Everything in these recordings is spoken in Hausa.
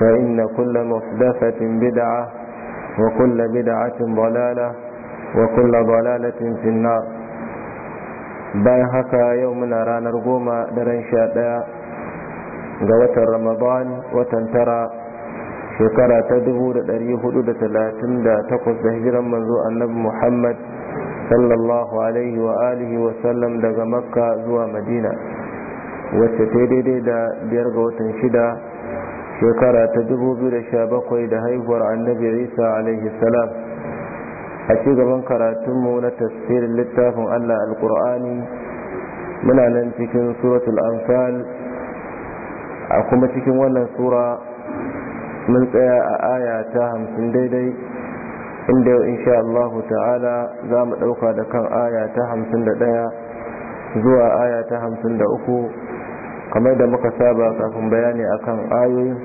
فإن كل محدثة بدعة وكل بدعة ضلالة وكل ضلالة في النار bayan haka yau muna ranar goma daren sha ɗaya ga watan ramadan watan tara shekara ta dubu da ɗari hudu da talatin da takwas da hijiran manzo annabi muhammad sallallahu alaihi wa alihi wa sallam daga makka zuwa madina wacce ta daidai da biyar ga watan shida shekara ta biyu da haihuwar annabi isa alaihi salam a cigaban karatunmu na tafsirin littafin allah alkur'ani muna nan cikin suratul anfal a kuma cikin wannan sura mun tsaya a aya ta hamsin daidai inda yau insha allahu ta'ala za mu ɗauka da kan aya ta hamsin da ɗaya zuwa aya ta hamsin da uku kamar da muka saba kafin bayani akan ayoyin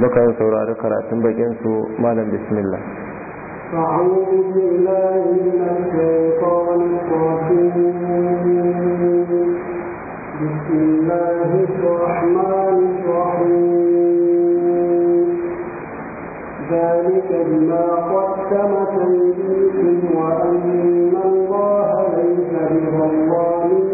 muka yi saurari karatun bakin su malam bismillah ذلك بما قدمت أيديكم وأن الله ليس بظلام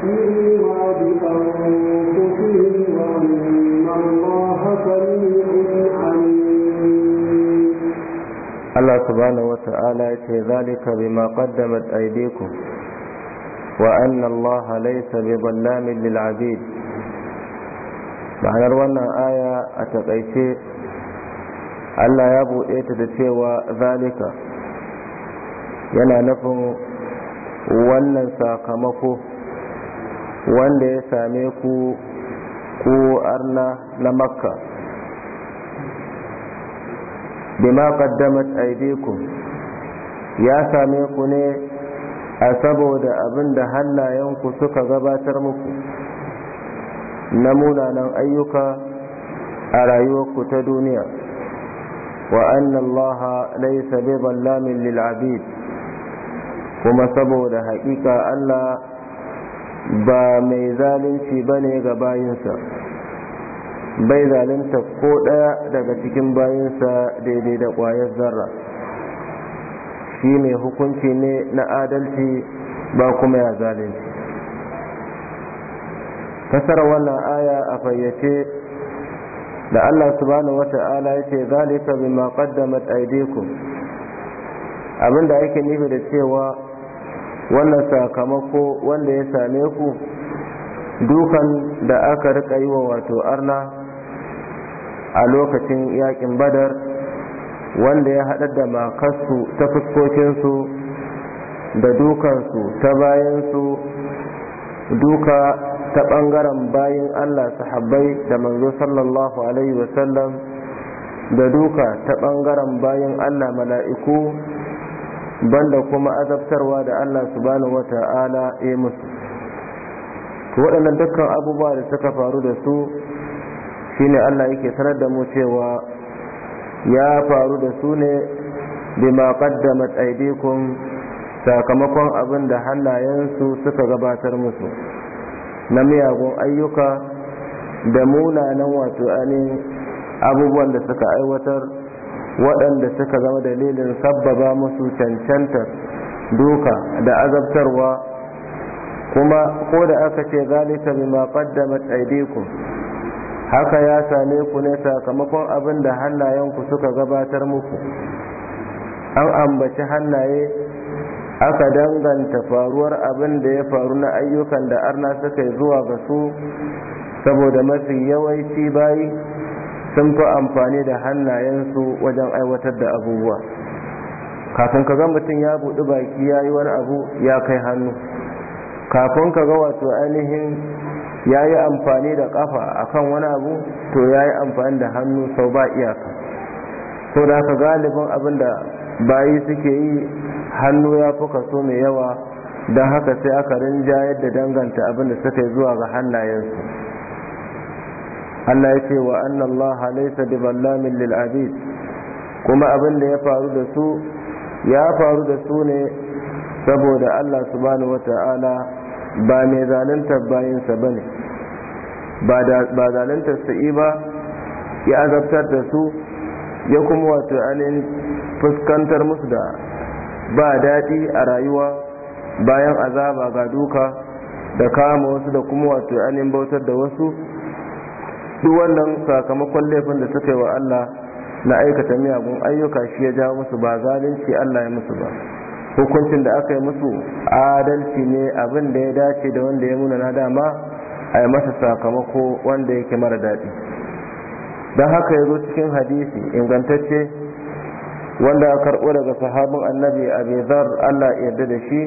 Allah subhanahu wa ta'ala ya ce zalika bima qaddamat aydikum wa anna Allah laysa bi dhallamin lil ma'anar wannan aya a taƙaice. Allah ya buɗe ta da cewa zalika yana nufin wannan sakamako wanda ya same ku ko arna na makka bima qaddamat ku ya same ku ne a saboda abinda da hannayenku suka gabatar muku na munanan ayyuka a rayuwarku ta duniya wa annallaha laysa bi zallamin lil abid kuma saboda haƙiƙa Allah ba mai zalunci ba ne ga bayinsa bai zalunta ko ɗaya daga cikin bayinsa daidai da ƙwayar zarra shi mai hukunci ne na adalci ba kuma ya zalunci kasar wannan aya a fayyace da Allah subhanahu wata'ala ya ce zalika bima qaddamat aydikum abinda ake nufi da cewa wannan sakamako wanda ya same ku dukan da aka rika yi wa wato arna a lokacin yakin badar wanda ya haɗa da makarsu ta fuskokinsu da dukansu ta bayansu duka ta ɓangaren bayan allah sahabbai da manzo sallallahu alaihi wasallam da duka ta ɓangaren bayan allah mala'iku banda kuma azabtarwa da Allah subhanahu ta'ala ya musu waɗannan dukkan abubuwa da suka faru da su shine Allah yake sanar da mu cewa ya faru da su ne bima qaddamat aydikum sakamakon abin da hannayensu suka gabatar musu na miyagun ayyuka da munanan wato ainihin abubuwan da suka aiwatar waɗanda suka zama dalilin sabbaba musu cancantar duka da azabtarwa kuma ko da aka ce zalika bima qaddamat aydikum haka ya same ku ne sakamakon abin da hannayenku suka gabatar muku an ambaci hannaye aka danganta faruwar abin da ya faru na ayyukan da arna suka zuwa ga su saboda mafi yawanci bayi sun fi amfani da hannayensu wajen aiwatar da abubuwa kafin ka ga mutum ya buɗi baki ya yi wani abu ya kai hannu kafin ka ga wato ainihin ya yi amfani da ƙafa a kan wani abu to ya yi amfani da hannu sau ba iyaka sau da haka galibin abin da bayi suke yi hannu ya fi kaso mai yawa don haka sai aka rinjayar da danganta abin da suka yi zuwa ga hannayensu Allah ya ce wa anna Allah laysa bi zallamin lil kuma abin da ya faru da su ya faru da su ne saboda Allah subhanahu wata'ala ba mai zaluntar bayansa bane ba zaluntar sa'i ba ya azabtar da su ya kuma wato anin fuskantar musu da ba daɗi a rayuwa bayan azaba ga duka da kama wasu da kuma wato anin bautar da wasu duk wannan sakamakon laifin da suka yi wa Allah na aikata miyagun ayyuka shi ya jawo musu ba zalunci Allah ya musu ba hukuncin da aka yi musu adalci ne abin da ya dace da wanda ya nuna na dama a yi masa sakamako wanda yake mara daɗi don haka ya zo cikin hadisi ingantacce wanda a karɓo daga sahabin annabi a bezar Allah yarda da shi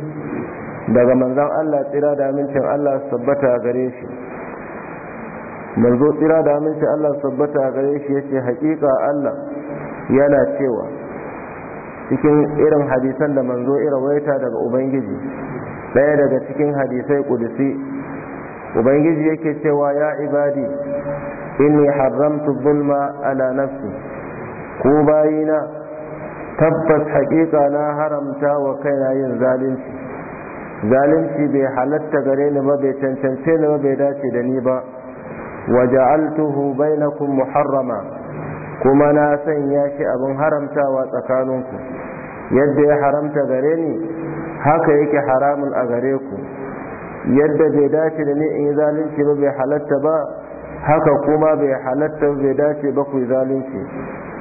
daga manzan Allah tsira da amincin Allah su tabbata gare shi manzo tsira da aminci Allah sabbata a gare shi yace haƙiƙa Allah yana cewa cikin irin hadisan da manzo waita daga ubangiji ɗaya daga cikin hadisai kudusi ubangiji yake cewa ya ibadi inni haramtu zulma ala nafsi ku bayina tabbas haƙiƙa na haramta wa kaina yin zalunci zalunci bai halatta gare ni ba bai cancance ni ba bai dace da ni ba waja'altuhu bainakum muharrama kuma na sanya shi abin haramtawa tsakaninku yadda ya haramta gare ni haka yake haramun a gare ku yadda bai dace da ni in yi zalunci ba bai halatta ba haka kuma bai halatta bai dace ba ku yi zalunci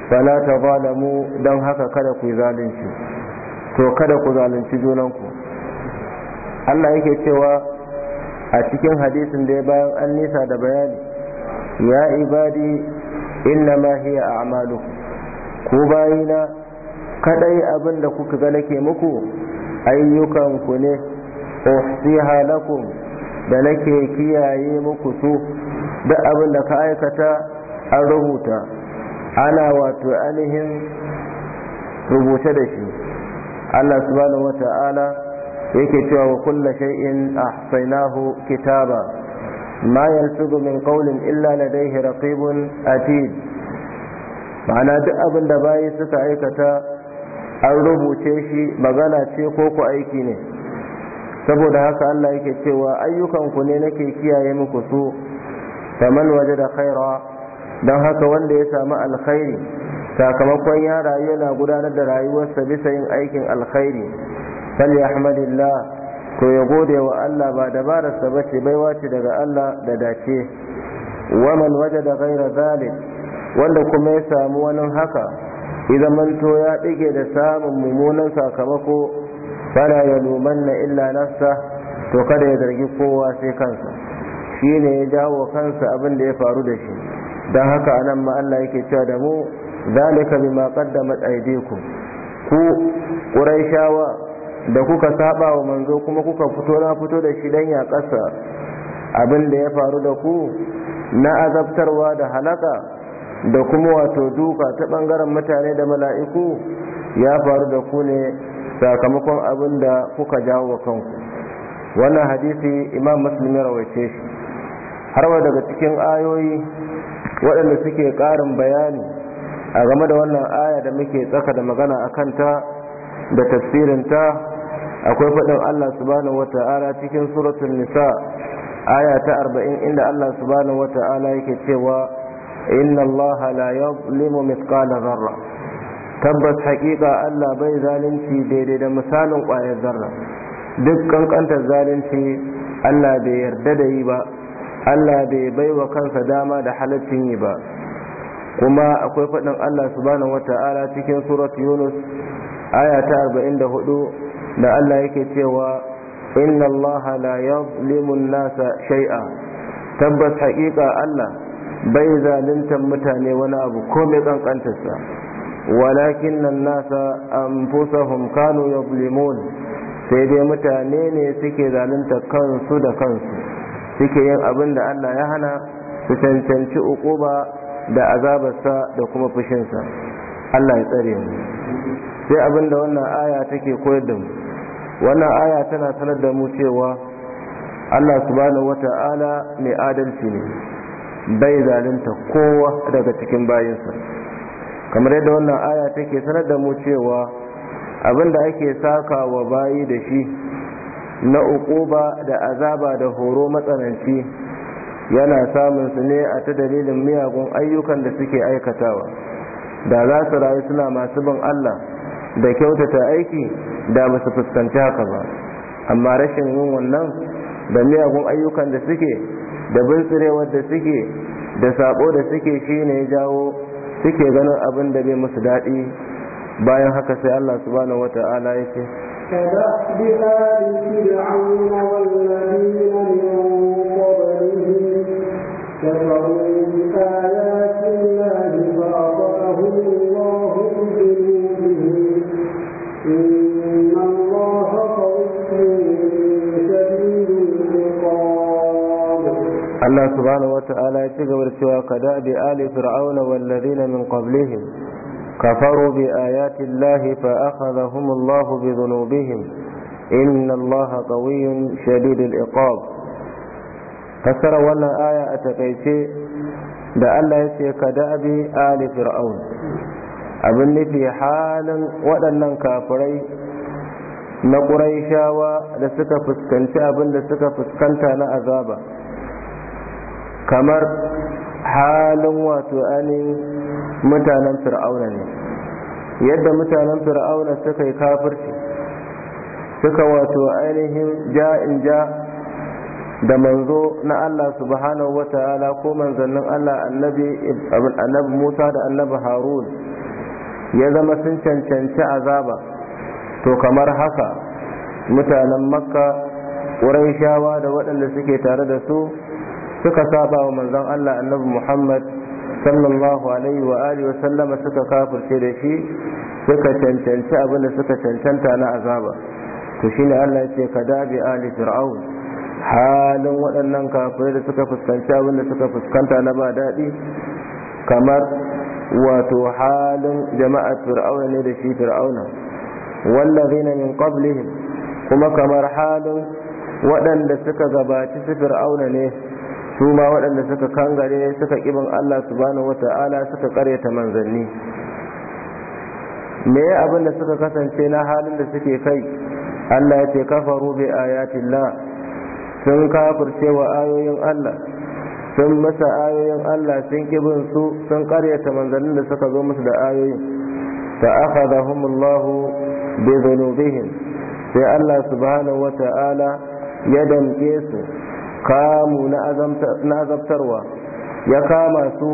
fala ta zalamu don haka kada ku yi zalunci to kada ku zalunci junanku Allah yake cewa a cikin hadisin da ya bayan an nisa da bayani ya ibadi innama hiya a'malu Ko bayina kadai abin da kuka ga nake muku ayyukan ku ne uhsiha lakum da nake kiyaye muku su duk abin da ka aikata an rubuta ana wato ainihin rubuta da shi Allah subhanahu wata'ala yake cewa wa kulla shay'in ahsaynahu kitaba ma yalfidu min qawlin illa ladayhi raqibun atid ma'ana duk abin da bayi suka aikata an rubuce shi magana ce ko ku aiki ne saboda haka Allah yake cewa ayyukanku ne nake kiyaye muku su man waje da khaira don haka wanda ya samu alkhairi sakamakon ya rayu yana gudanar da rayuwarsa bisa yin aikin alkhairi fal yahmadillah ko ya gode wa Allah ba dabararsa ba ce baiwa ce daga Allah da dace waman waje da gaira zalik wanda kuma ya samu wani haka idan manto ya ɗige da samun mummunan sakamako fara ya lumanna illa nafsa to kada ya zargi kowa sai kansa shi ne ya jawo kansa abin da ya faru da shi don haka anan ma Allah yake cewa da mu zalika bima qaddamat aydikum ku quraishawa da kuka saba wa manzo kuma kuka fito na fito da shi dan ya kasa abin da ya faru da ku na azabtarwa da halaka da kuma wato duka ta bangaren mutane da mala'iku ya faru da ku ne sakamakon abin da kuka jawo wa kanku wannan hadisi imam muslim ya rawaice shi har wa daga cikin ayoyi waɗanda suke ƙarin bayani a game da wannan aya da muke tsaka da magana a kanta da tafsirinta akwai faɗin Allah subhanahu wata'ala cikin suratul nisa aya ta 40 inda Allah subhanahu wata'ala yake cewa inna Allah la yuzlimu mithqala dharra tabbas haƙiƙa Allah bai zalunci daidai da misalin ƙwayar zarra duk kankantar zalunci Allah bai yarda da yi ba Allah bai baiwa kansa dama da halaccin yi ba kuma akwai faɗin Allah subhanahu wata'ala cikin suratul yunus aya ta 44 da Allah yake cewa inna Allah la yadhlimu an-nasa shay'a tabbas haƙiƙa Allah bai zaluntar mutane wani abu mai kankantarsa walakin nan nasa anfusahum kanu yadhlimun sai dai mutane ne suke zalunta kansu da kansu suke yin abin da Allah ya hana su cancanci uquba da azabarsa da kuma fushinsa Allah ya tsare mu sai abin da wannan aya take koyar da mu wannan aya tana sanar da mu cewa Allah subhanahu wata'ala mai adalci ne bai zalunta kowa daga cikin bayansa. kamar yadda wannan aya take sanar da mu cewa abin da ake saka wa bayi da shi na uquba da azaba da horo matsananci yana samun su ne a ta dalilin miyagun ayyukan da suke aikatawa da za su rayu suna masu bin Allah da kyautata aiki da ba fuskanci haka ba amma rashin yin wannan da miyagun ayyukan da suke da bintsirewar da suke da sabo da suke ne ya jawo suke ganin abin da bai musu daɗi bayan haka sai Allah subhanahu wata'ala yake كدأب آل فرعون والذين من Allah subhanahu wata'ala ya ci gaba da cewa ka bi ali fir'auna wallazina min qablihim kafaru bi ayati Allah fa akhadhahum Allah bi dhunubihim inna Allah qawiyyun shadidul iqab fasara wannan aya a takaice da Allah ya ce kada bi ali fir'aun abin nufi halin waɗannan kafirai na ƙuraishawa da suka fuskanci abin da suka fuskanta na azaba kamar halin wato anin mutanen fir'auna ne yadda mutanen fir'auna suka yi kafirci suka wato ainihin ja'in ja da manzo na Allah subhanahu wa ta'ala ko manzannin Allah annabi annabi Musa da annabi Harun ya zama sun cancanci azaba to kamar haka mutanen makka wurin shawa da waɗanda suke tare da su suka saba wa manzon Allah annabi Muhammad sallallahu alaihi wa alihi wa sallama suka kafirce da shi suka cancanci abin da suka cancanta na azaba to shine Allah yake ce kadabi ali fir'aun halin waɗannan kafirai da suka fuskanci abin da suka fuskanta na ba daɗi kamar wato halin jama'ar fir'auna ne da shi fir'auna wallazina min qablihim kuma kamar halin waɗanda suka gabaci su fir'auna ne su ma waɗanda suka kangare suka ƙiban Allah subhanahu wata'ala suka ƙaryata manzanni me ya abin da suka kasance na halin da suke kai Allah ya ce kafaru bi ayatillah sun kafirce wa ayoyin Allah sun masa ayoyin Allah sun ƙibin su sun ƙaryata manzannin da suka zo musu da ayoyin fa akhadahumullahu bi dhunubihim sai Allah subhanahu wata'ala ya damke su kamu na azabtarwa ya kama su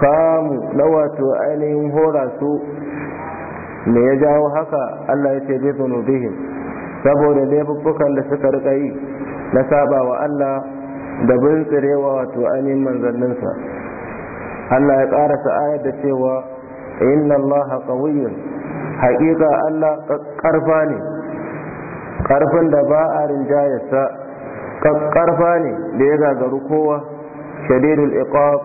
kamu na wato ainihin hora su me ya jawo haka Allah ya ce bi zunubihim saboda laifukan da suka rika yi na saba wa Allah da bin tsirewa wato ainihin manzanninsa Allah ya ƙara ayar da cewa inna Allah qawiyyun haƙiƙa Allah ƙarfa ne ƙarfin da ba a rinjayarsa kakkarfa ne da ya gagaru kowa shadidul iqab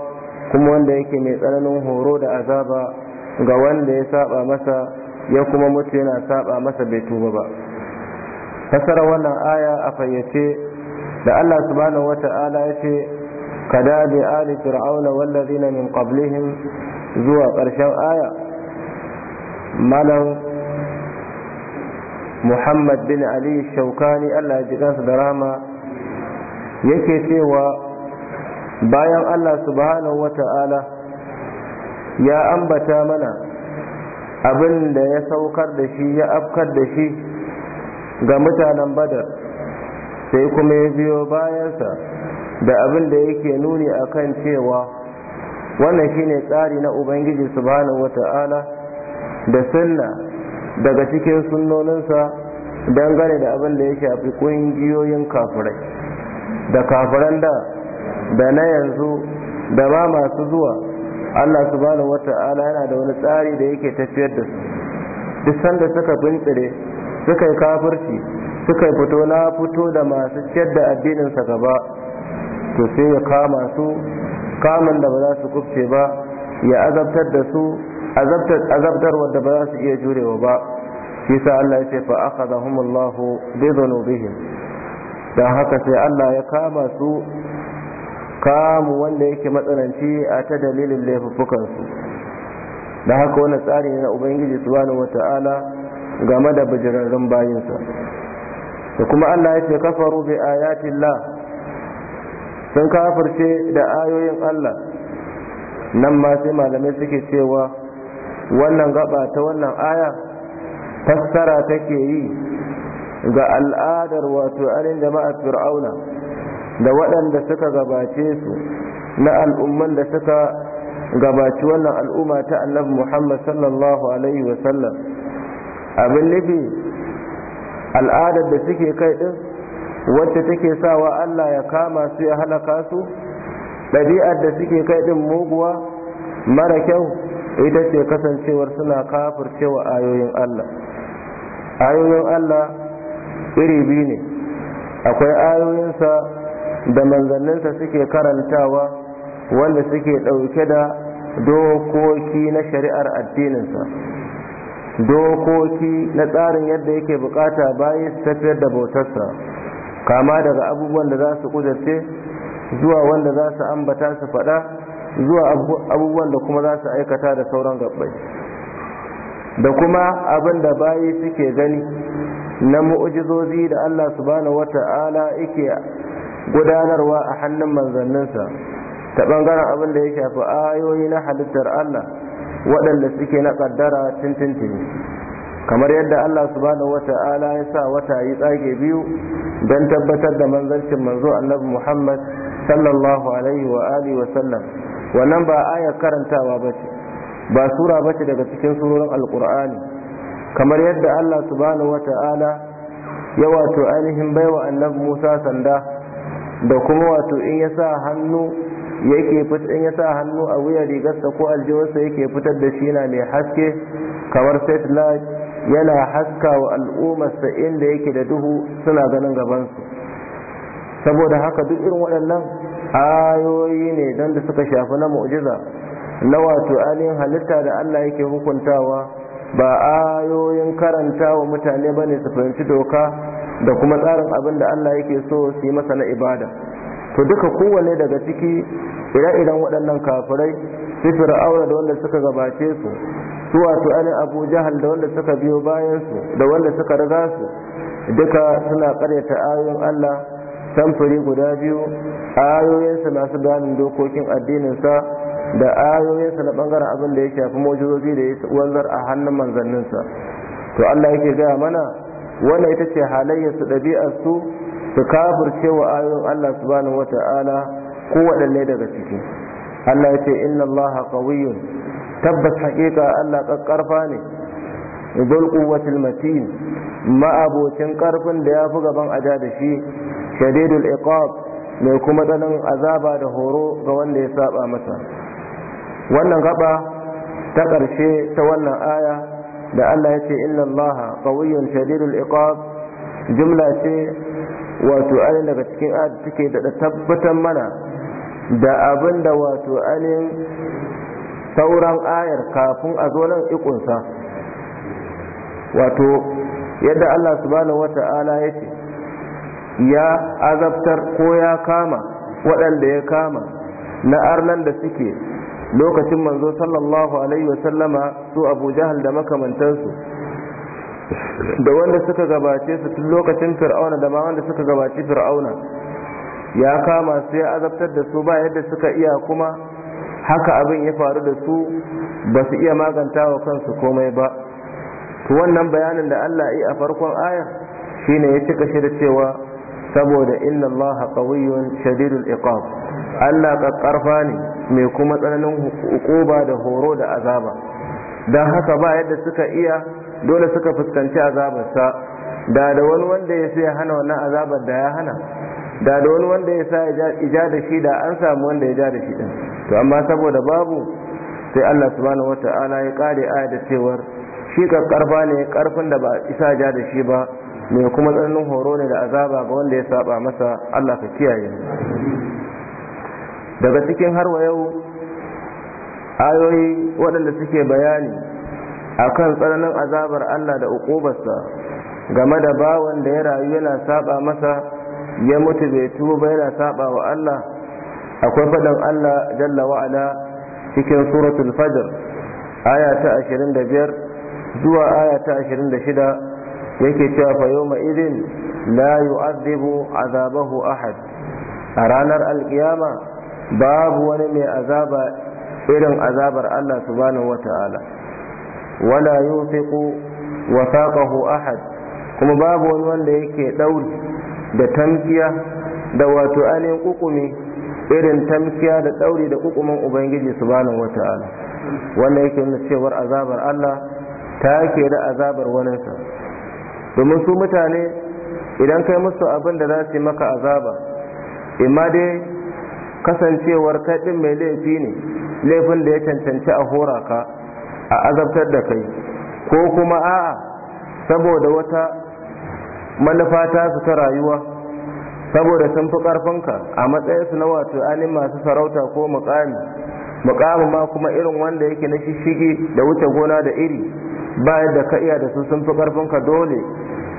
kuma wanda yake mai tsananin horo da azaba ga wanda ya saba masa ya kuma mutu yana saba masa bai tuba ba fasara wannan aya a fayyace da Allah subhanahu wata'ala ya ce kada bi ali fir'auna wallazina min qablihim zuwa ƙarshen aya malam muhammad bin ali shaukani Allah ya ji da rama yake cewa bayan Allah subhanahu ta’ala ya ambata mana abin da ya saukar da shi ya afkar da shi ga mutanen badar sai kuma ya biyo bayansa da abin da yake nuni a kan cewa wannan shine tsari na ubangiji subhanahu ta’ala da sunna daga cikin sunnoninsa dangane da abin da ya shafi ƙungiyoyin kafirai da kafiran da da na yanzu da ba masu zuwa Allah subhanahu wata'ala yana da wani tsari da yake tafiyar da su duk sanda suka bincire suka yi kafirci suka fito na fito da masu ciyar da addininsa gaba to sai ya kama su kamun da ba za su kufce ba ya azabtar da su azabtar wadda ba za su iya jurewa ba shi sa Allah ya ce fa akhadahumullahu bi dhunubihim don haka sai Allah ya kama su kamu wanda yake matsananci a ta dalilin laifuffukansu don haka wani tsari ne na ubangiji subhanahu wata'ala game da bijirarren bayinsa da kuma Allah ya ce kafaru bi ayatillah sun kafirce da ayoyin Allah nan ma sai malamai suke cewa wannan gaba ta wannan aya fassara take yi ga al'adar wato anin jama'ar fir'auna da waɗanda suka gabace su na al'umman da suka gabaci wannan al'umma ta annabi muhammad sallallahu alaihi wasallam abin nufi al'adar da suke kai ɗin wacce take sawa allah ya kama su ya halaka su ɗabi'ar da suke kai ɗin muguwa mara kyau ita ce kasancewar suna kafircewa ayoyin allah ayoyin allah iri biyu ne akwai ayoyinsa da manzanninsa suke karantawa wanda suke ɗauke da dokoki na shari'ar addininsa dokoki na tsarin yadda yake bukata bayan su tafiyar da bautarsa kama daga abubuwan da za su kudace zuwa wanda za su ambata su faɗa zuwa abubuwan da kuma za su aikata da sauran gabbai da kuma abin da bayi suke gani na mu'ujizozi da Allah subhanahu wata'ala yake gudanarwa a hannun manzanninsa ta bangaren abin da ya shafi ayoyi na halittar Allah waɗanda suke na ƙaddara tintinti kamar yadda Allah subhanahu wata'ala ya sa wata yi tsage biyu don tabbatar da manzancin manzo annabi Muhammad sallallahu alaihi wa alihi wa sallam wannan ba aya karantawa bace ba sura bace daga cikin surorin alqur'ani kamar yadda Allah subhanahu wata'ala ya wato ainihin baiwa annabi Musa sanda da kuma wato in ya sa hannu yake in ya sa hannu a wuya rigarsa ko aljiwarsa yake fitar da shi na mai haske kamar satellite yana haska wa al'ummarsa inda yake da duhu suna ganin gabansu saboda haka duk irin waɗannan ayoyi ne don da suka shafi na mu'jiza na wato ainihin halitta da Allah yake hukuntawa ba ayoyin karanta wa mutane ba ne su fahimci doka da kuma tsarin abin da Allah yake so su yi masa na ibada to duka kowane daga ciki ire idan waɗannan kafirai su fir'auna da wanda suka gabace su su wato ali abu jahal da wanda suka biyo bayan su da wanda suka riga su duka suna karyata ayoyin Allah samfuri guda biyu ayoyinsa masu bayanin dokokin addinin sa da ayoyinsa na bangaren abin da ya shafi mujizozi da ya wanzar a hannun manzanninsa to Allah yake gaya mana wannan ita ce halayyarsu ɗabi'arsu su kafirce wa ayoyin Allah subhanahu wata'ala ko waɗanne daga ciki Allah ya ce inna Allah qawiyyun tabbas haƙiƙa Allah ƙaƙƙarfa ne zul quwwatil matin ma'abocin ƙarfin da ya fi gaban aja da shi shadidul iqab mai kuma tsanin azaba da horo ga wanda ya saba masa wannan gaba ta ƙarshe ta wannan aya da Allah ya ce inna Allah qawiyyun shadidul iqab jumla ce wato ainihin daga cikin ayat take da tabbatar mana da abin da wato ainihin sauran ayar kafin a zo nan ikunsa wato yadda Allah subhanahu wata'ala ya ce ya azabtar ko ya kama waɗanda ya kama na arnan da suke lokacin manzo sallallahu alaihi wasallama su abu jahal da makamantansu da wanda suka gabace su tun lokacin fir'auna da ma wanda suka gabaci fir'auna ya kama su ya azabtar da su ba yadda suka iya kuma haka abin ya faru da su ba su iya maganta wa kansu komai ba to wannan bayanin da Allah yi a farkon aya shine ya cika shi da cewa saboda inna Allah qawiyyun shadidul iqab Allah ka karfa ne mai kuma tsananin hukuba da horo da azaba don haka ba yadda suka iya dole suka fuskanci azabarsa da da wani wanda ya sai hana wannan azabar da ya hana da da wani wanda ya sa ja da shi da an samu wanda ya ja da shi din to amma saboda babu sai Allah subhanahu wata'ala ya kare aya da cewar shi ka karfa ne karfin da ba isa ja da shi ba mai kuma tsananin horo ne da azaba ga wanda ya saba masa Allah ka kiyaye daga cikin harwa yau ayoyi waɗanda suke bayani a kan tsananin azabar Allah da uƙubarsa game da bawan da ya rayu yana saba masa ya mutu bai tuba ba yana saba wa Allah akwai faɗin Allah jalla wa'ala cikin suratul fajr aya ta 25 zuwa aya ta shida, yake cewa fa ma izin, la yu'adhibu azabahu ahad a ranar alkiyama babu wani mai azaba irin azabar Allah subhanahu wata'ala wala yuthiqu wathaqahu ahad kuma babu wani wanda yake dauri da tamkiya da wato ainihin kukumi irin tamkiya da dauri da kukumin ubangiji subhanahu wata'ala wanda yake nuna cewar azabar Allah ta yake da azabar waninsa domin su mutane idan kai musu abin da za su yi maka azaba imma dai kasancewar kaɗin mai laifi ne laifin da ya cancanci a hora ka a azabtar da kai ko kuma a'a saboda wata manufa ta su ta rayuwa saboda sun fi karfinka a matsayinsu na wato alim masu sarauta ko mukami mukami ma kuma irin wanda yake na shishigi da wuce gona da iri bayan da ka iya da su sun fi karfinka dole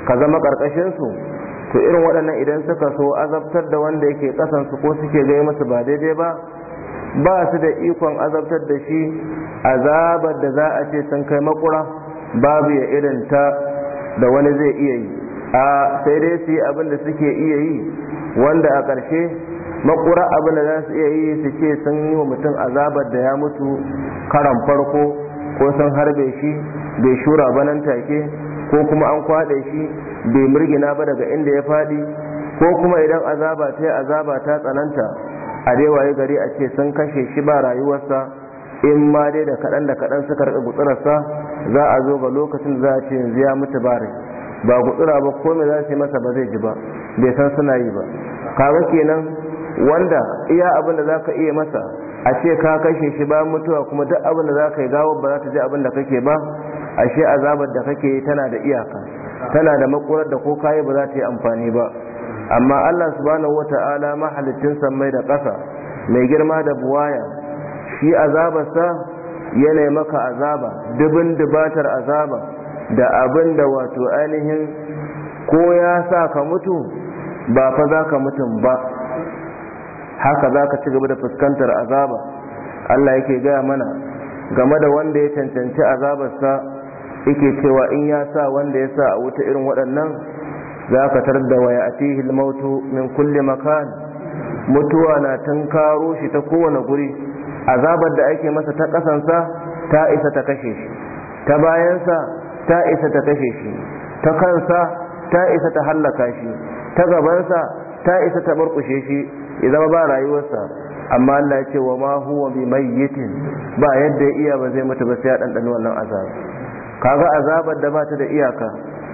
ka zama ƙarƙashinsu. to irin waɗannan idan suka so azabtar da wanda yake ƙasansu ko suke gai masa ba daidai ba ba su da ikon azabtar da shi azabar da za a ce sun kai makura babu ya irin ta da wani zai iya yi a sai dai su yi abin da suke iya yi wanda a ƙarshe makura abin da za su iya yi su ce sun yi wa mutum azabar da ya mutu karan farko ko sun harbe shi bai shura ba nan take ko kuma an kwaɗe shi bai murgina ba daga inda ya faɗi ko kuma idan azaba ta azaba ta tsananta a dai gari a ce sun kashe shi ba rayuwarsa in ma dai da kaɗan da kaɗan suka rika gutsurarsa za a zo ga lokacin da za a ce yanzu ya mutu ba rai ba gutsura ba ko me za su yi masa ba zai ji ba bai san suna yi ba kaga kenan wanda iya abin da za ka iya masa a ce ka kashe shi ba mutuwa kuma duk abin da za ka yi gawar ba za ta ji abin da kake ba ashe azabar da kake yi tana da iyaka tana da makurar da ko kayi ba za ta yi amfani ba amma Allah subhanahu wata'ala san mai da ƙasa mai girma da buwaya shi azabarsa yana maka azaba dubin dubatar azaba da abin da wato ainihin ko ya sa ka mutu ba fa za ka mutum ba haka za ka ci gaba da fuskantar azaba Allah yake gaya mana game da wanda ya cancanci azabarsa yake cewa in ya sa wanda ya sa a wuta irin waɗannan za ka tar da waya a fihil mautu min kulle makan mutuwa na karo shi ta kowane guri azabar da ake masa ta kasansa ta isa ta kashe shi ta bayansa ta isa ta kashe shi ta kansa ta isa ta hallaka shi ta gabansa ta isa ta barkushe shi ya zama ba rayuwarsa amma Allah ya ce wa ma huwa bi mayyitin ba yadda ya iya ba zai mutu ba sai ya ɗanɗana wannan azab kaga azabar da bata da iyaka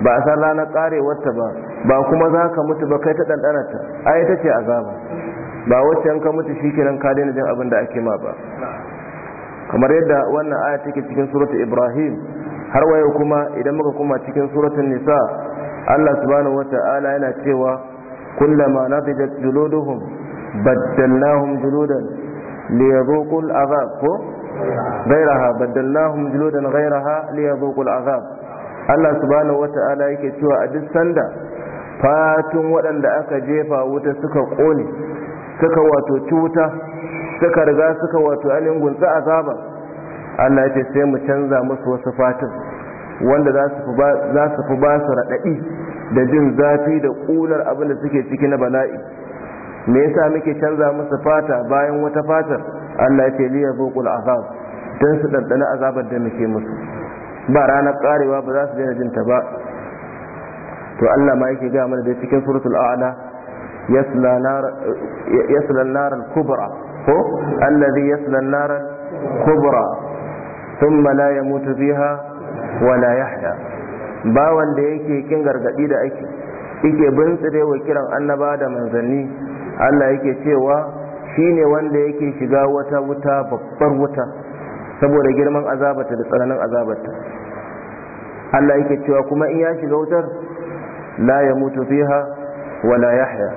ba a san ranar karewarta ba ba kuma za ka mutu ba kai ta ɗanɗanarta ai ita ce azaba ba wacce an ka mutu shi kiran ka daina jin abin da ake ma ba kamar yadda wannan aya take cikin suratul ibrahim har wayo kuma idan muka kuma cikin suratul nisa Allah subhanahu wata'ala yana cewa kullama nadijat juluduhum baddalnahum juludan liyadhuqul azab ko غيرها بدلناهم جلودا غيرها ليذوقوا العذاب Allah subhanahu wata'ala yake cewa a duk sanda fatun waɗanda aka jefa wuta suka ƙone suka wato ci wuta suka riga suka wato ainihin gunsa azaba Allah ce sai mu canza musu wasu fatun wanda za su fi ba su raɗaɗi da jin zafi da ƙunar abin da suke ciki na bala'i me yasa muke canza musu fata bayan wata fatar Allah ya ce liya zuqul azab dan su dandana azabar da muke musu ba ranar karewa ba za su daina jin ta ba to Allah ma yake ga mana da cikin suratul a'la yasla an-nar al-kubra ko allazi yasla nar al-kubra thumma la fiha wa la ba wanda yake kin gargadi da ake yake bin tsirewa kiran annaba da manzanni Allah yake cewa Shi ne wanda yake shiga wata wuta babbar wuta saboda girman azabata da tsananin azabata Allah yake cewa kuma in ya shiga wutar la ya mutu fiha wala yahya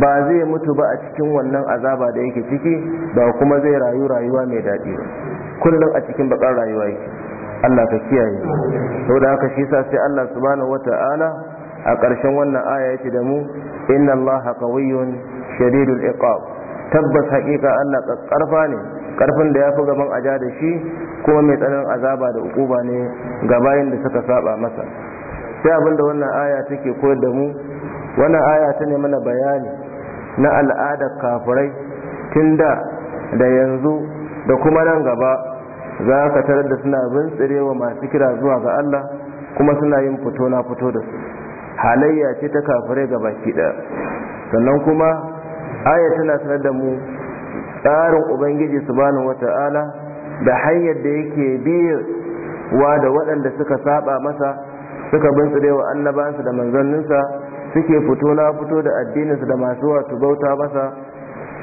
ba zai mutu ba a cikin wannan azaba da yake ciki ba kuma zai rayu rayuwa mai daɗi ba kullum a cikin bakar rayuwa yake Allah ka kiyaye saboda haka shi yasa sai Allah subhanahu wata'ala a ƙarshen wannan aya yace da mu inna Allah qawiyyun shadidul iqab tabbas haƙiƙa Allah ƙarfa ne ƙarfin da ya fi gaban aja da shi kuma mai tsananin azaba da ukuba ne ga bayan da suka saba masa sai abinda wannan aya take koyar da mu wannan aya ta ne mana bayani na al'adar kafirai tun da da yanzu da kuma nan gaba za ka tarar da suna wa masu kira zuwa ga Allah kuma suna yin fito na fito da su halayya ce ta kafirai ga baki ɗaya sannan kuma aya tana sanar da mu tsarin ubangiji subhanahu wata'ala da hanyar da yake wa da waɗanda suka saba masa suka bintsire wa annabansa da manzanninsa suke fito na fito da addininsa da masu wato bauta masa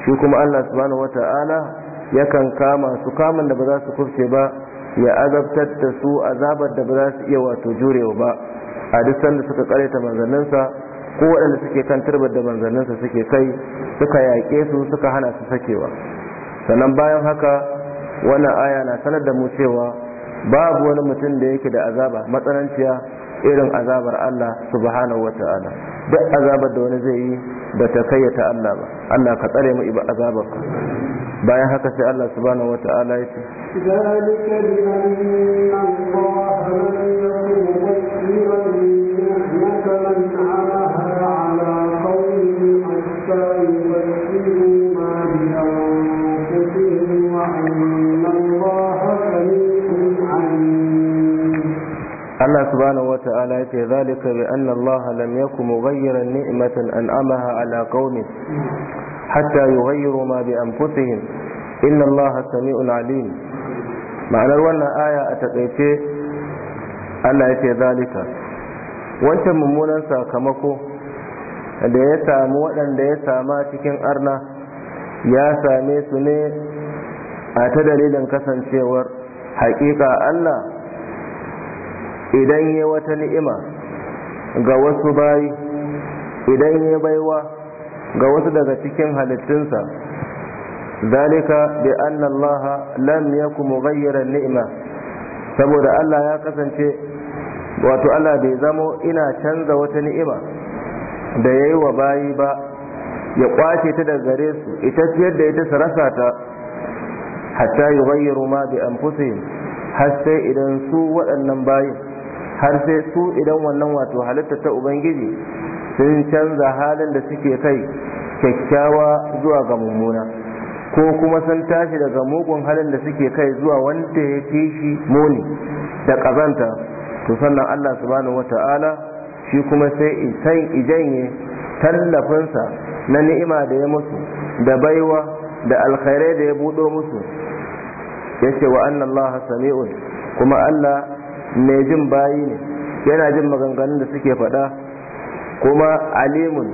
shi kuma allah subhanahu wata'ala yakan kama su kamun da ba za su kufce ba ya azabtar da su azabar da ba za su iya wato jurewa ba a duk sanda suka karyata manzanninsa ko waɗanda suke kan turbar da manzanninsa suke kai suka yaƙe su suka hana su sakewa sannan bayan haka wannan aya na sanar da mu cewa babu wani mutum da yake da azaba matsananciya irin azabar Allah subhanahu wa ta'ala duk azabar da wani zai yi ba ta kai ta Allah ba Allah ka tsare mu iba azabar ka bayan haka sai Allah subhanahu wa ta'ala ya ce ذلك بأن الله لم يكن مغيرا Allah subhanahu wata'ala yake zalika bi anna Allah lam yakun mughayyiran ni'matan an'amaha ala qaumin hatta yughayyiru ma bi anfusihim inna Allah sami'un alim ma'anar wannan aya a takaice Allah ce zalika wancan mummunan sakamako da ya samu waɗanda ya sama cikin arna ya same su ne a ta dalilin kasancewar haƙiƙa Allah idan ya wata ni'ima ga wasu bayi idan ya baiwa ga wasu daga cikin halittunsa zalika bi anna Allah lam yakum mughayyiran ni'ima saboda Allah ya kasance wato Allah bai zamo ina canza wata ni'ima da yayi wa bayi ba ya kwace ta daga gare su ita yadda ita rasa ta hatta yughayyiru ma bi anfusihim har sai idan su waɗannan bayin har sai su idan wannan wato halitta ta ubangiji sun canza halin da suke kai kyakkyawa zuwa ga mummuna ko kuma sun tashi daga mugun halin da suke kai zuwa wanda ya fi shi muni da kazanta, to sannan allah subhanahu wata'ala shi kuma sai san ijanye tallafinsa na ni'ima da ya musu da baiwa da alkhairai da ya buɗo musu ya ce wa annan sami'un kuma allah mai jin bayi ne yana jin maganganun da suke faɗa kuma alimun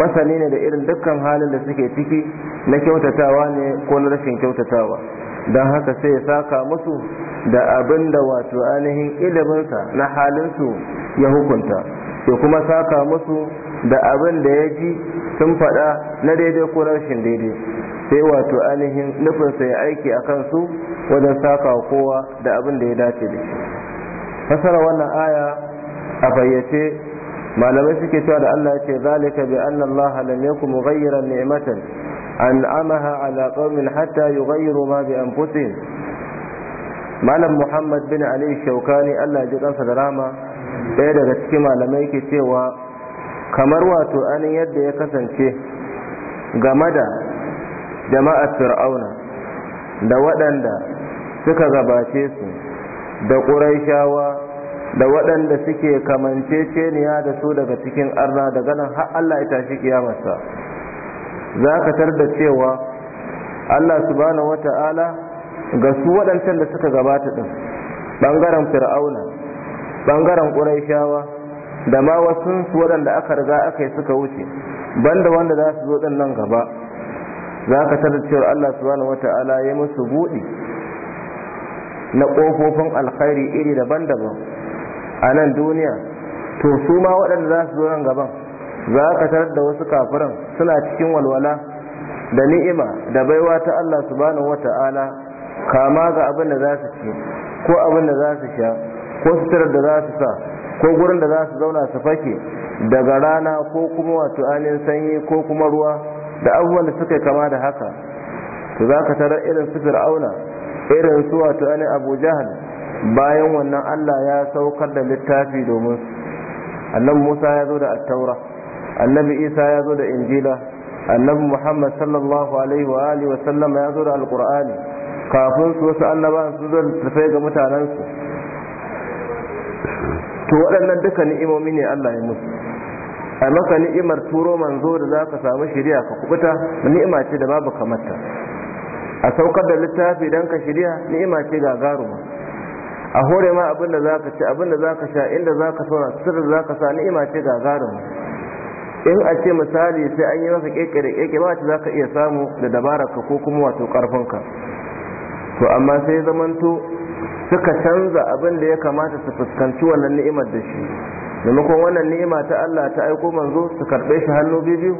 masani ne da irin dukkan halin da suke ciki na kyautatawa ne ko na rashin kyautatawa don haka sai ya saka musu da abin da wato ainihin iliminsa na halinsu ya hukunta ya kuma saka musu da abin da ya ji sun faɗa na daidai ko rashin daidai sai wato ainihin nufinsa ya aiki a kansu wajen saka kowa da abin da ya dace da shi fasara wannan aya a bayyace malamai suke cewa da Allah ce zalika bi anna Allah lam yakum mughayyiran ni'matan an'amaha ala qaumin hatta yughayyiru ma bi anfusihim malam Muhammad bin Ali Shaukani Allah ya ji kansa da rama ɗaya daga cikin malamai ke cewa kamar wato anin yadda ya kasance game da jama'ar fir'auna da waɗanda suka gabace su da ƙuraishawa da waɗanda suke kamanceceniya da su daga cikin arna daga nan har Allah ya tashi kiyamarsa za ka tar da cewa Allah subhanahu wata'ala ga su waɗancan da suka gabata ɗin ɓangaren fir'auna ɓangaren ƙuraishawa da ma wasu su waɗanda aka riga aka yi suka wuce banda wanda za su zo ɗin nan gaba za ka tar da cewa Allah subhanahu wata'ala ya musu buɗi na kofofin alkhairi iri daban-daban a nan duniya to su ma waɗanda za su zo nan gaban za ka tarar da wasu kafiran suna cikin walwala da ni'ima da baiwa ta Allah subhanahu wata'ala kama ga abin da za su ci ko abin da za su sha ko suturar da za su sa ko gurin da za su zauna su fake daga rana ko kuma wato ainihin sanyi ko kuma ruwa da abubuwan da suka kama da haka to za ka tarar irin su fir'auna irin su wato ainihin abu jahal bayan wannan allah ya saukar da littafi domin su annabi musa ya zo da attaura annabi isa ya zo da injila annabi muhammad sallallahu alaihi wa alihi wa sallama ya zo da alqur'ani kafin su wasu annabawan su zo da ga mutanensu to waɗannan duka ni'imomi ne allah ya musu a maka ni'imar turo manzo da za ka samu shari'a ka kubuta ni'ima ce da babu kamata a saukar da littafi don ka shirya ni'ima ce ga gagaruma a hore ma abin da ka ci abin da ka sha inda za ka sauna sirri da ka sa ni'ima ce ga gagaruma in a ce misali sai an yi masa keke da keke ba ta ka iya samu da dabarar ka ko kuma wato karfinka to amma sai zamanto suka canza abin da ya kamata su fuskanci wannan ni'imar da shi maimakon wannan ni'ima ta Allah ta aiko manzo su karbe shi hannu biyu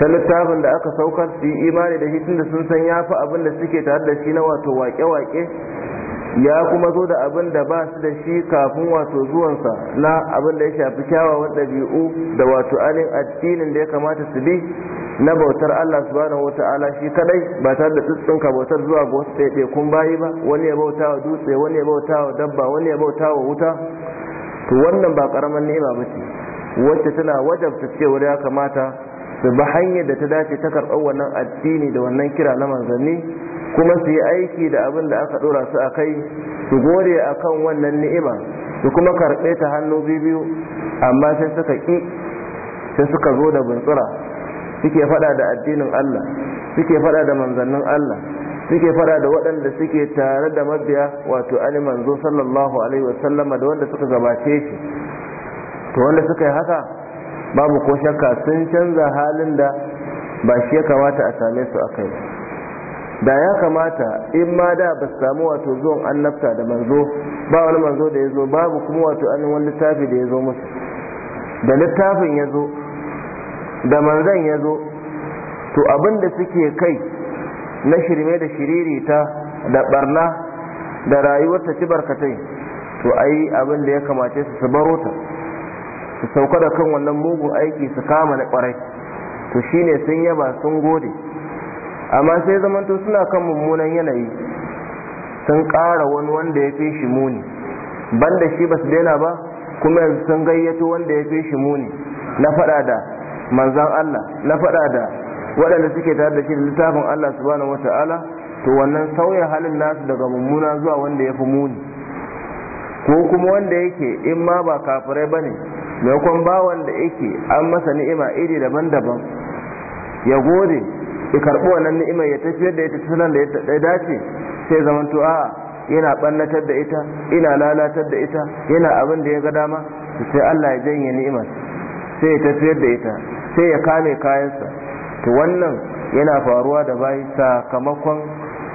ta littafin da aka saukar su yi imani da shi tunda sun san ya fi abin da suke tare da shi na wato wake-wake ya kuma zo da abin da ba su da shi kafin wato zuwansa na abin da ya shafi kyawawan ɗabi'u da wato alin addinin da ya kamata su bi na bautar Allah subhanahu wa ta'ala shi kadai ba tare da ka bautar zuwa ga wasu kun bayi ba wani ya bauta wa dutse wani ya bauta wa dabba wani ya bauta wa wuta to wannan ba ƙaramin ni'ima ba ce wacce tana wajabta cewa ya kamata su bi hanyar da ta dace ta karɓar wannan addini da wannan kira na manzanni kuma su yi aiki da abin da aka ɗora su a kai su gode a kan wannan ni'ima su kuma karɓe ta hannu biyu amma sai suka ƙi sai suka zo da buntsura suke faɗa da addinin Allah suke faɗa da manzannin Allah suke faɗa da waɗanda suke tare da mabiya wato ali manzo sallallahu alaihi wasallama da wanda suka gabace shi to wanda suka yi haka babu ko shakka sun canza halin da ba shi ya kamata a same su a kai da ya kamata in ma da ba samu wato zuwan annabta da manzo ba wani manzo da ya zo babu kuma wato an wani littafi da ya zo musu da littafin ya zo da manzan ya zo to abin da suke kai na shirme da shiririta da barna da rayuwar ta ci barkatai to ai abin da ya kamace su su baro ta su sauka da kan wannan mugun aiki su kama na kwarai to shine sun yaba sun gode amma sai zamanto suna kan mummunan yanayi sun ƙara wani wanda ya fi shi muni banda shi ba su daina ba kuma yanzu sun gayyato wanda ya fi shi muni na faɗa da manzan Allah na faɗa da waɗanda suke tare da shi da littafin Allah subhanahu wata'ala to wannan sauya halin nasu daga mummuna zuwa wanda ya fi muni ko kuma wanda yake in ma ba kafirai ba ne maimakon bawan da yake an masa ni'ima iri daban-daban ya gode ya karɓi wannan ni'imar ya tafiyar da ita sanar da ya dace sai zaman tu'a a yana ɓannatar da ita ina lalatar da ita yana abin da ya ga dama sai Allah ya janye ni'imar sai ya tafiyar da ita sai ya kame kayansa to wannan yana faruwa da bayi sakamakon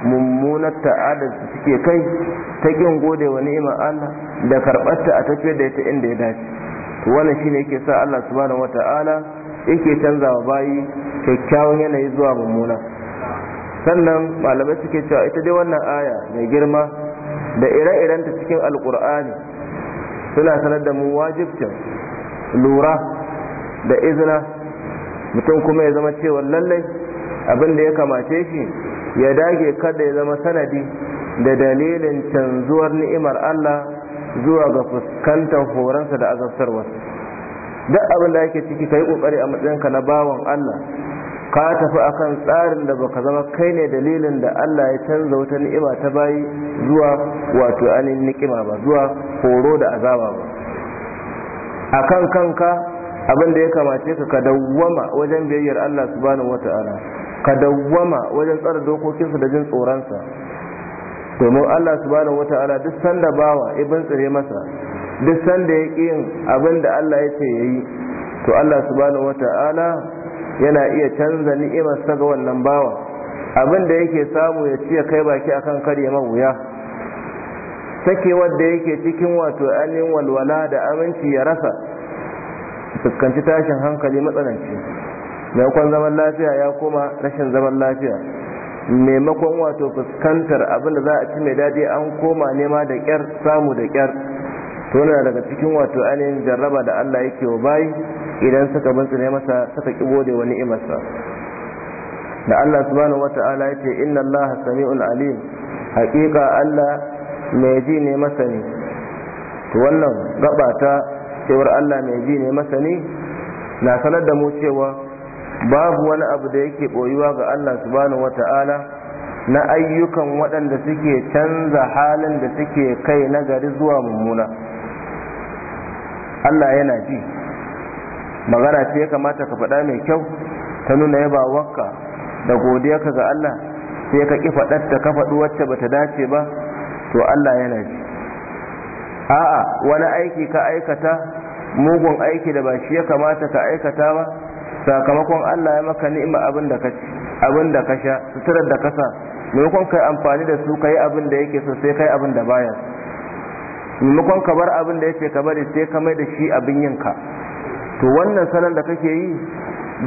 mummunar ta'adar su suke kai ta kin gode wa ni'imar Allah da karɓarta a tafiyar da ita inda ya dace Wannan wannan shine yake sa Allah subhanahu wata'ala yake canza wa bayi kyakkyawan yanayi zuwa mummuna sannan malamai suke cewa ita dai wannan aya mai girma da ire iren ta cikin alkur'ani suna sanar da mu wajibcin lura da izina mutum kuma ya zama cewa lallai abin da ya kamace shi ya dage kada ya zama sanadi da dalilin canzuwar ni'imar Allah zuwa ga fuskantar horonsa da azabtarwarsa duk abin da yake ciki ka yi ƙoƙari a matsayinka na bawan Allah ka tafi akan tsarin da baka zama kai ne dalilin da Allah ya canza wata ni'ima ta bayi zuwa wato anin ni'ima ba zuwa horo da azaba ba akan kanka abin da ya kamace ka ka dawwama wajen biyayyar Allah subhanahu wata'ala ka dawwama wajen tsara dokokinsa da jin tsoronsa domin Allah subhanahu wata'ala duk sanda bawa ibin tsire masa duk sanda ya ƙi yin abin da Allah ya ce yayi to Allah subhanahu wata'ala yana iya canza ni'imar saga wannan bawa abin da yake samu ya ci ya kai baki akan karya mawuya sake wadda yake cikin wato ainihin walwala da aminci ya rasa fuskanci tashin hankali matsananci maimakon zaman lafiya ya koma rashin zaman lafiya maimakon wato fuskantar abin da za a ci mai daɗi an koma nema da ƙyar samu da ƙyar to yana daga cikin wato ainihin jarraba da Allah yake wa bayi idan suka ne masa suka ki gode wa ni'imarsa da Allah subhanahu wata'ala yace inna Allah sami'ul alim haƙiƙa Allah mai ji ne masa ne? to wannan gaba ta cewar Allah mai ji ne masa ne? na sanar da mu cewa babu wani abu da yake boyuwa ga Allah subhanahu wata'ala na ayyukan waɗanda suke canza halin da suke kai na gari zuwa mummuna Allah yana ji magana ce ya kamata ka faɗa mai kyau ta nuna ba wakka da godiyarka ga Allah sai ka ƙi faɗarta ka faɗi wacce bata dace ba to Allah yana ji a'a wani aiki ka aikata mugun aiki da ba shi ya kamata ka aikata ba sakamakon Allah ya maka ni'ima abin da ka abin da ka sha suturar da ka sa maimakon kai amfani da su kai abin da yake so sai kai abin da baya maimakon ka bar abin da yake ka bari sai ka mai da shi abin yinka to wannan salon da kake yi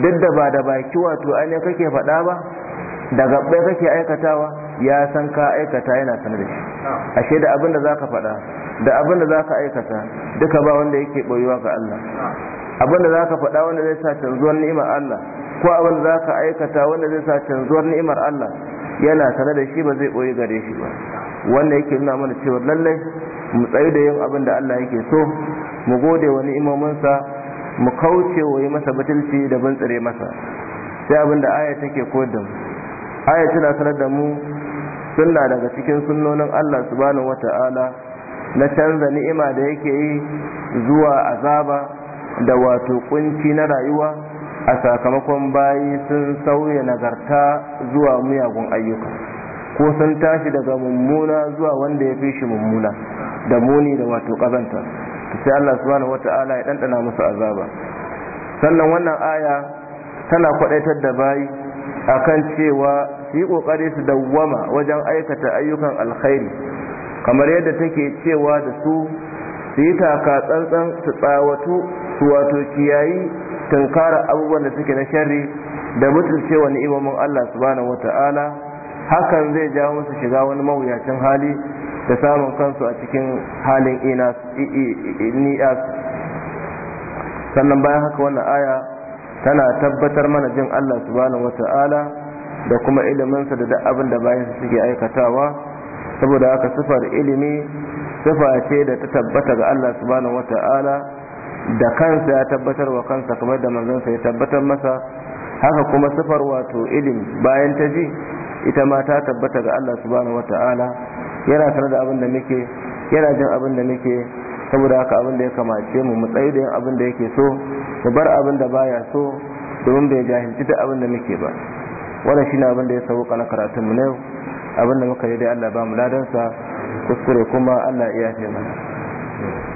duk da ba da baki wato ainihin kake faɗa ba daga bai kake aikatawa ya san ka aikata yana sanar da shi ashe da abin da zaka faɗa da abin da zaka aikata duka ba wanda yake boyuwa ga Allah abin da ka faɗa wanda zai sa canzuwar ni'imar Allah ko abin da ka aikata wanda zai sa canzuwar ni'imar Allah yana tare da shi ba zai ɓoye gare shi ba wanda yake nuna mana cewa lallai mu tsayu da yin abin da Allah yake so mu gode wa ni'imominsa mu kauce wa yi masa batulci da bin tsire masa sai abin da aya take koyar da mu aya tana sanar da mu sunna daga cikin sunnonin Allah subhanahu wata'ala na canza ni'ima da yake yi zuwa azaba da wato kunci na rayuwa a sakamakon bayi sun sauya nagarta zuwa miyagun ayyuka ko sun tashi daga mummuna zuwa wanda ya fi shi mummuna da muni da wato kazanta sai Allah subhanahu wata'ala ya ɗanɗana musu azaba sannan wannan aya tana kwaɗaitar da bayi akan cewa su yi ƙoƙari su dawwama wajen aikata ayyukan alkhairi kamar yadda take cewa da su su yi taka tsantsan su tsawatu su wato kiyayi tunkara abubuwan da suke na sharri da mutuncewa ni'imomin Allah subhanahu wata'ala hakan zai jawo musu shiga wani mawuyacin hali da samun kansu a cikin halin ni'as sannan bayan haka wannan aya tana tabbatar mana jin Allah subhanahu wata'ala da kuma iliminsa da duk abin da bayan suke aikatawa saboda haka sifar ilimi sifa ce da ta tabbata ga Allah subhanahu wata'ala da kansa ya tabbatar wa kansa kamar da manzansa ya tabbatar masa haka kuma sifar wato ilimi bayan ta ji ita ma ta tabbata ga Allah subhanahu wata'ala yana sanar da abin da muke yana jin abin da muke saboda haka abin da ya kamace mu mu tsaye da yin abin da yake so mu bar abin da baya so domin bai jahilci da abin da muke ba wannan shine abin da ya sauka na karatun mu ne abin da muka yi dai Allah ba mu sa kuskure kuma Allah iya mana